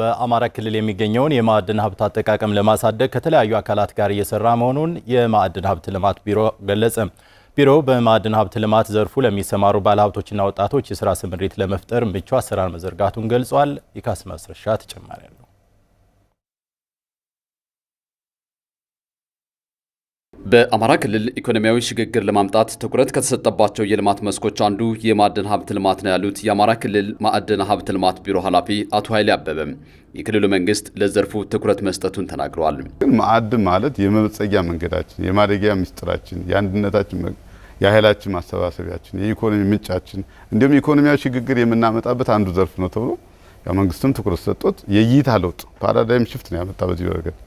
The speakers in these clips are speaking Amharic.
በአማራ ክልል የሚገኘውን የማዕድን ሀብት አጠቃቀም ለማሳደግ ከተለያዩ አካላት ጋር እየሰራ መሆኑን የማዕድን ሀብት ልማት ቢሮ ገለጸ። ቢሮው በማዕድን ሀብት ልማት ዘርፉ ለሚሰማሩ ባለሀብቶችና ወጣቶች የስራ ስምሪት ለመፍጠር ምቹ አሰራር መዘርጋቱን ገልጿል። ይካስ ማስረሻ ተጨማሪ ያለው በአማራ ክልል ኢኮኖሚያዊ ሽግግር ለማምጣት ትኩረት ከተሰጠባቸው የልማት መስኮች አንዱ የማዕድን ሀብት ልማት ነው ያሉት የአማራ ክልል ማዕድን ሀብት ልማት ቢሮ ኃላፊ አቶ ኃይሌ አበበም የክልሉ መንግስት ለዘርፉ ትኩረት መስጠቱን ተናግረዋል። ማዕድን ማለት የመበጸጊያ መንገዳችን፣ የማደጊያ ሚስጥራችን፣ የአንድነታችን፣ የኃይላችን ማሰባሰቢያችን፣ የኢኮኖሚ ምንጫችን እንዲሁም የኢኮኖሚያዊ ሽግግር የምናመጣበት አንዱ ዘርፍ ነው ተብሎ መንግስትም ትኩረት ሰጦት የእይታ ለውጥ ፓራዳይም ሽፍት ነው ያመጣ በዚህ ረገድ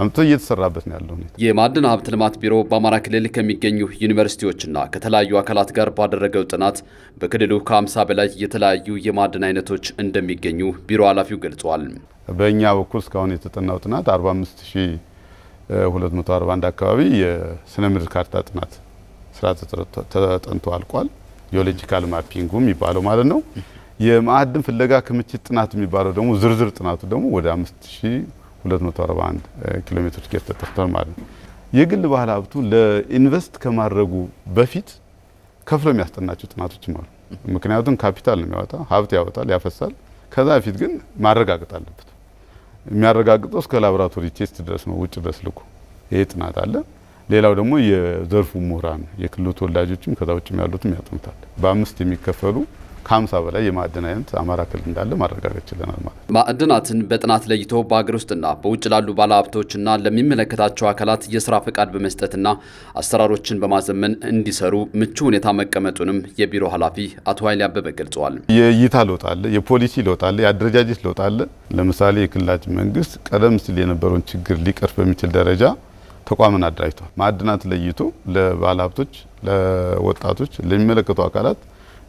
አምቶ እየተሰራበት ነው ያለው ሁኔታ። የማዕድን ሀብት ልማት ቢሮ በአማራ ክልል ከሚገኙ ዩኒቨርሲቲዎችና ከተለያዩ አካላት ጋር ባደረገው ጥናት በክልሉ ከ50 በላይ የተለያዩ የማዕድን አይነቶች እንደሚገኙ ቢሮ ኃላፊው ገልጿል። በእኛ በኩል እስካሁን የተጠናው ጥናት 45241 አካባቢ የስነ ምድር ካርታ ጥናት ስራ ተጠንቶ አልቋል። ጂኦሎጂካል ማፒንጉ የሚባለው ማለት ነው። የማዕድን ፍለጋ ክምችት ጥናት የሚባለው ደግሞ ዝርዝር ጥናቱ ደግሞ ወደ 241 ኪሎ ሜትር ስኬር ተጠርቷል ማለት ነው። የግል ባህል ሀብቱ ለኢንቨስት ከማድረጉ በፊት ከፍሎ የሚያስጠናቸው ጥናቶችም አሉ። ምክንያቱም ካፒታል ነው የሚያወጣ ሀብት ያወጣል፣ ያፈሳል። ከዛ በፊት ግን ማረጋገጥ አለበት። የሚያረጋግጠው እስከ ላቦራቶሪ ቴስት ድረስ ነው፣ ውጭ ድረስ ልኩ ይሄ ጥናት አለ። ሌላው ደግሞ የዘርፉ ምሁራን የክልሉ ተወላጆችም ከዛ ውጭም ያሉትም ያጠኑታል። በአምስት የሚከፈሉ ከሀምሳ በላይ የማዕድን አይነት አማራ ክልል እንዳለ ማረጋገጥ ችለናል ማለት ነው። ማዕድናትን በጥናት ለይቶ በሀገር ውስጥና በውጭ ላሉ ባለሀብቶችና ለሚመለከታቸው አካላት የስራ ፈቃድ በመስጠትና አሰራሮችን በማዘመን እንዲሰሩ ምቹ ሁኔታ መቀመጡንም የቢሮ ኃላፊ አቶ ኃይሌ አበበ ገልጸዋል። የእይታ ለውጥ አለ፣ የፖሊሲ ለውጥ አለ፣ የአደረጃጀት ለውጥ አለ። ለምሳሌ የክልላችን መንግስት ቀደም ሲል የነበረውን ችግር ሊቀርፍ በሚችል ደረጃ ተቋምን አደራጅቷል። ማዕድናት ለይቶ ለባለሀብቶች፣ ለወጣቶች፣ ለሚመለከቱ አካላት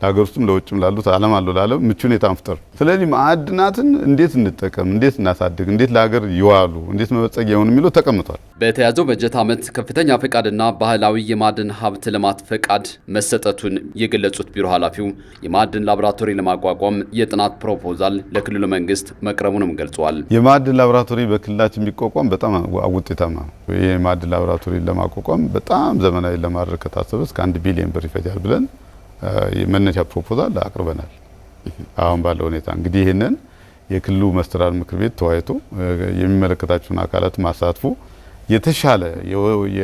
ለሀገር ውስጥም ለውጭም ላሉት ዓለም አለው ለዓለም ምቹ ሁኔታ መፍጠር። ስለዚህ ማዕድናትን እንዴት እንጠቀም፣ እንዴት እናሳድግ፣ እንዴት ለሀገር ይዋሉ፣ እንዴት መበጸግ የሆኑ የሚለው ተቀምጧል። በተያዘው በጀት ዓመት ከፍተኛ ፈቃድና ባህላዊ የማዕድን ሀብት ልማት ፈቃድ መሰጠቱን የገለጹት ቢሮ ኃላፊው የማዕድን ላቦራቶሪ ለማቋቋም የጥናት ፕሮፖዛል ለክልሉ መንግስት መቅረቡንም ገልጿል። የማዕድን ላቦራቶሪ በክልላችን ቢቋቋም በጣም ውጤታማ ነው። ይህ የማዕድን ላቦራቶሪ ለማቋቋም በጣም ዘመናዊ ለማድረግ ከታሰበ እስከ አንድ ቢሊዮን ብር ይፈጃል ብለን የመነሻ ፕሮፖዛል አቅርበናል። አሁን ባለው ሁኔታ እንግዲህ ይህንን የክልሉ መስተዳድር ምክር ቤት ተወያይቶ የሚመለከታቸውን አካላት ማሳትፎ የተሻለ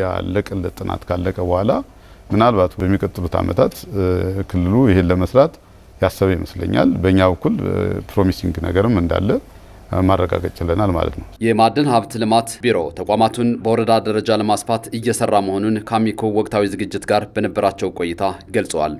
ያለቀለት ጥናት ካለቀ በኋላ ምናልባት በሚቀጥሉት ዓመታት ክልሉ ይህን ለመስራት ያሰበ ይመስለኛል። በእኛ በኩል ፕሮሚሲንግ ነገርም እንዳለ ማረጋገጥ ችለናል ማለት ነው። የማዕድን ሀብት ልማት ቢሮ ተቋማቱን በወረዳ ደረጃ ለማስፋት እየሰራ መሆኑን ከአሚኮ ወቅታዊ ዝግጅት ጋር በነበራቸው ቆይታ ገልጸዋል።